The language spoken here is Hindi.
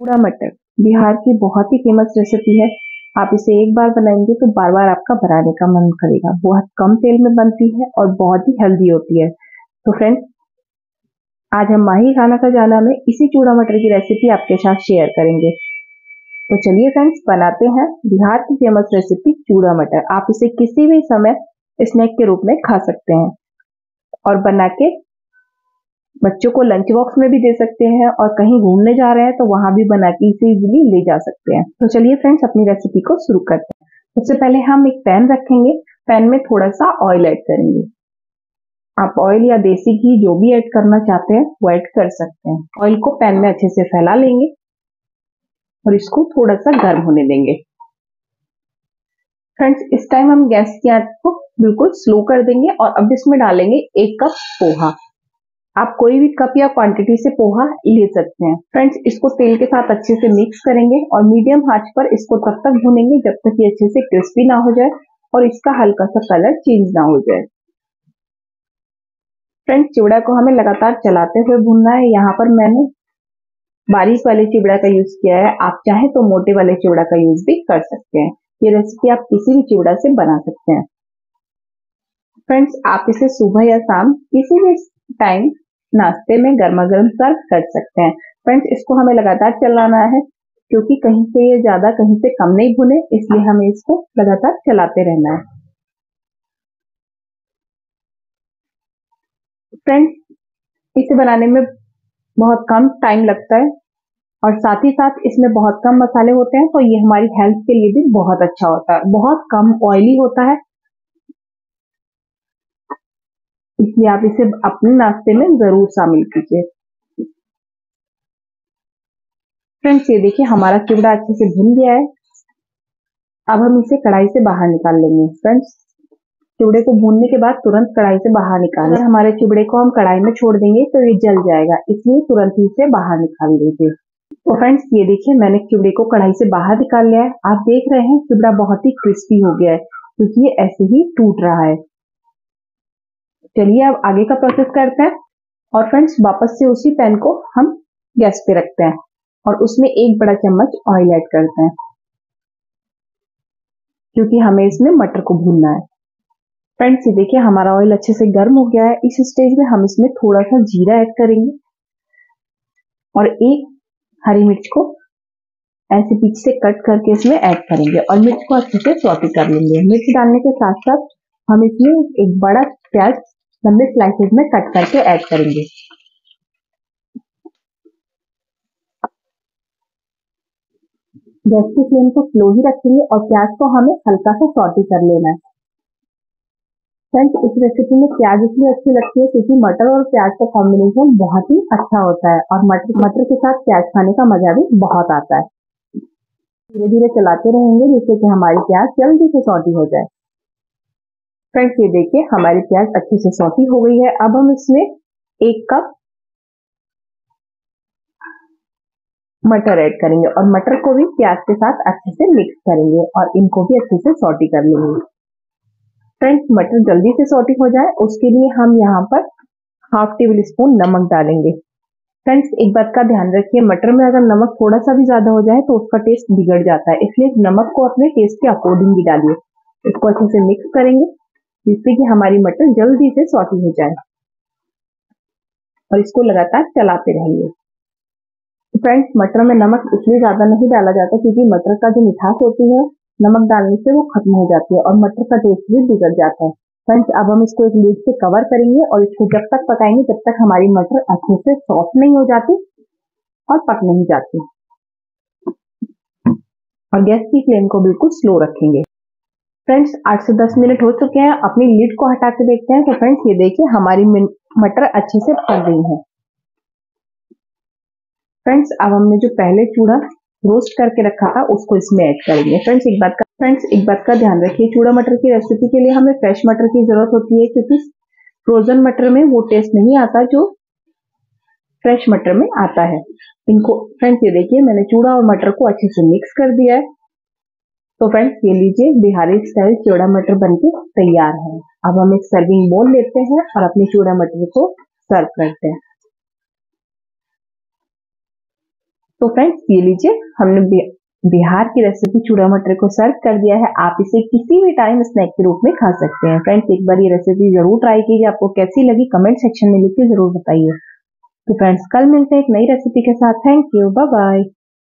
कूड़ा मटर बिहार की बहुत ही फेमस रेसिपी है आप इसे एक बार बनाएंगे तो बार बार आपका बनाने का मन करेगा बहुत कम तेल में बनती है और बहुत ही हेल्दी होती है तो फ्रेंड्स आज हम माही खाना का जाना में इसी चूड़ा मटर की रेसिपी आपके साथ शेयर करेंगे तो चलिए फ्रेंड्स बनाते हैं बिहार की फेमस रेसिपी चूड़ा मटर आप इसे किसी भी समय स्नैक के रूप में खा सकते हैं और बना के बच्चों को लंच बॉक्स में भी दे सकते हैं और कहीं घूमने जा रहे हैं तो वहां भी बना के इसे इजिली ले जा सकते हैं तो चलिए फ्रेंड्स अपनी रेसिपी को शुरू करते हैं सबसे पहले हम एक पैन रखेंगे पैन में थोड़ा सा ऑयल ऐड करेंगे आप ऑयल या देसी घी जो भी ऐड करना चाहते हैं वो ऐड कर सकते हैं ऑयल को पैन में अच्छे से फैला लेंगे और इसको थोड़ा सा गर्म होने देंगे फ्रेंड्स इस टाइम हम गैस की आंच को बिल्कुल स्लो कर देंगे और अब इसमें डालेंगे एक कप पोहा आप कोई भी कप या क्वांटिटी से पोहा ले सकते हैं फ्रेंड्स इसको तेल के साथ अच्छे से मिक्स करेंगे और मीडियम आंच पर इसको तब तक भूनेंगे जब तक ये अच्छे से क्रिस्पी ना हो जाए और इसका हल्का सा कलर चेंज ना हो जाए फ्रेंड्स चिवड़ा को हमें लगातार चलाते हुए भूनना है यहाँ पर मैंने बारीक वाले चिवड़ा का यूज किया है आप चाहे तो मोटे वाले चिवड़ा का यूज भी कर सकते हैं ये रेसिपी आप किसी भी चिवड़ा से बना सकते हैं फ्रेंड्स आप इसे सुबह या शाम किसी भी टाइम नाश्ते में गर्मा गर्म सर्व कर सकते हैं फ्रेंड्स इसको हमें लगातार चलाना है क्योंकि कहीं से ये ज्यादा कहीं से कम नहीं भुने इसलिए हमें इसको लगातार चलाते रहना है फ्रेंड्स इसे बनाने में बहुत कम टाइम लगता है और साथ ही साथ इसमें बहुत कम मसाले होते हैं तो ये हमारी हेल्थ के लिए भी बहुत अच्छा होता है बहुत कम ऑयली होता है इसलिए आप इसे अपने नाश्ते में ज़रूर शामिल कीजिए फ्रेंड्स ये देखिए हमारा चिवड़ा अच्छे से भुन गया है अब हम इसे कढ़ाई से बाहर निकाल लेंगे फ्रेंड्स चिवड़े को भूनने के बाद तुरंत कढ़ाई से बाहर लें हाँ। हमारे चिवड़े को हम कढ़ाई में छोड़ देंगे तो ये जल जाएगा इसलिए तुरंत ही इसे बाहर निकाल लीजिए तो फ्रेंड्स ये देखिए मैंने चिवड़े को कढ़ाई से बाहर निकाल लिया है आप देख रहे हैं चिवड़ा बहुत ही क्रिस्पी हो गया है क्योंकि ये ऐसे ही टूट रहा है चलिए अब आगे का प्रोसेस करते हैं और फ्रेंड्स वापस से उसी पैन को हम गैस पे रखते हैं और उसमें एक बड़ा चम्मच ऑयल ऐड करते हैं क्योंकि हमें इसमें मटर को भूनना है फ्रेंड्स ये देखिए हमारा ऑयल अच्छे से गर्म हो गया है इस स्टेज में हम इसमें थोड़ा सा जीरा ऐड करेंगे और एक हरी मिर्च को ऐसे पीछे से कट करके इसमें ऐड करेंगे और मिर्च को अच्छे से सौटी कर लेंगे मिर्च डालने के साथ साथ हम इसमें एक बड़ा प्याज लंबे स्लाइसेस में कट करके ऐड करेंगे गैस की फ्लेम को स्लो ही रखेंगे और प्याज को हमें हल्का सा सॉटी कर लेना है फ्रेंड्स इस रेसिपी में प्याज इसलिए अच्छी लगती है क्योंकि मटर और प्याज का कॉम्बिनेशन बहुत ही अच्छा होता है और मटर मटर के साथ प्याज खाने का मजा भी बहुत आता है धीरे धीरे चलाते रहेंगे जिससे कि हमारी प्याज जल्दी से सॉटी हो जाए फ्रेंड्स ये देखिए हमारी प्याज अच्छे से सौती हो गई है अब हम इसमें एक कप मटर ऐड करेंगे और मटर को भी प्याज के साथ अच्छे से मिक्स करेंगे और इनको भी अच्छे से सौटी कर लेंगे फ्रेंड्स मटर जल्दी से सौटी हो जाए उसके लिए हम यहाँ पर हाफ टेबल स्पून नमक डालेंगे फ्रेंड्स एक बात का ध्यान रखिए मटर में अगर नमक थोड़ा सा भी ज्यादा हो जाए तो उसका टेस्ट बिगड़ जाता है इसलिए नमक को अपने टेस्ट के अकॉर्डिंग भी डालिए इसको अच्छे से मिक्स करेंगे जिससे कि हमारी मटर जल्दी से सॉटी हो जाए और इसको लगातार चलाते रहेंगे फ्रेंड्स मटर में नमक इसलिए ज़्यादा नहीं डाला जाता क्योंकि मटर का जो मिठास होती है नमक डालने से वो खत्म हो जाती है और मटर का टेस्ट भी बिगड़ जाता है फ्रेंड्स अब हम इसको एक लीड से कवर करेंगे और इसको जब तक पकाएंगे तब तक हमारी मटर अच्छे से सॉफ्ट नहीं हो जाती और पक नहीं जाती और गैस की फ्लेम को बिल्कुल स्लो रखेंगे फ्रेंड्स आठ से दस मिनट हो चुके हैं अपनी लीड को हटा के देखते हैं तो फ्रेंड्स ये देखिए हमारी मटर अच्छे से पक गई है फ्रेंड्स अब हमने जो पहले चूड़ा रोस्ट करके रखा था उसको इसमें ऐड करेंगे फ्रेंड्स एक बात का फ्रेंड्स एक बात का ध्यान रखिए चूड़ा मटर की रेसिपी के लिए हमें फ्रेश मटर की जरूरत होती है क्योंकि फ्रोजन मटर में वो टेस्ट नहीं आता जो फ्रेश मटर में आता है इनको फ्रेंड्स ये देखिए मैंने चूड़ा और मटर को अच्छे से मिक्स कर दिया है तो फ्रेंड्स ये लीजिए बिहारी स्टाइल चूड़ा मटर बनके तैयार है अब हम एक सर्विंग बोल लेते हैं और अपने चूड़ा मटर को सर्व करते हैं तो फ्रेंड्स ये लीजिए हमने बिहार की रेसिपी चूड़ा मटर को सर्व कर दिया है आप इसे किसी भी टाइम स्नैक के रूप में खा सकते हैं फ्रेंड्स एक बार ये रेसिपी जरूर ट्राई कीजिए आपको कैसी लगी कमेंट सेक्शन में लिख के जरूर बताइए तो फ्रेंड्स कल मिलते हैं एक नई रेसिपी के साथ थैंक यू बाय बाय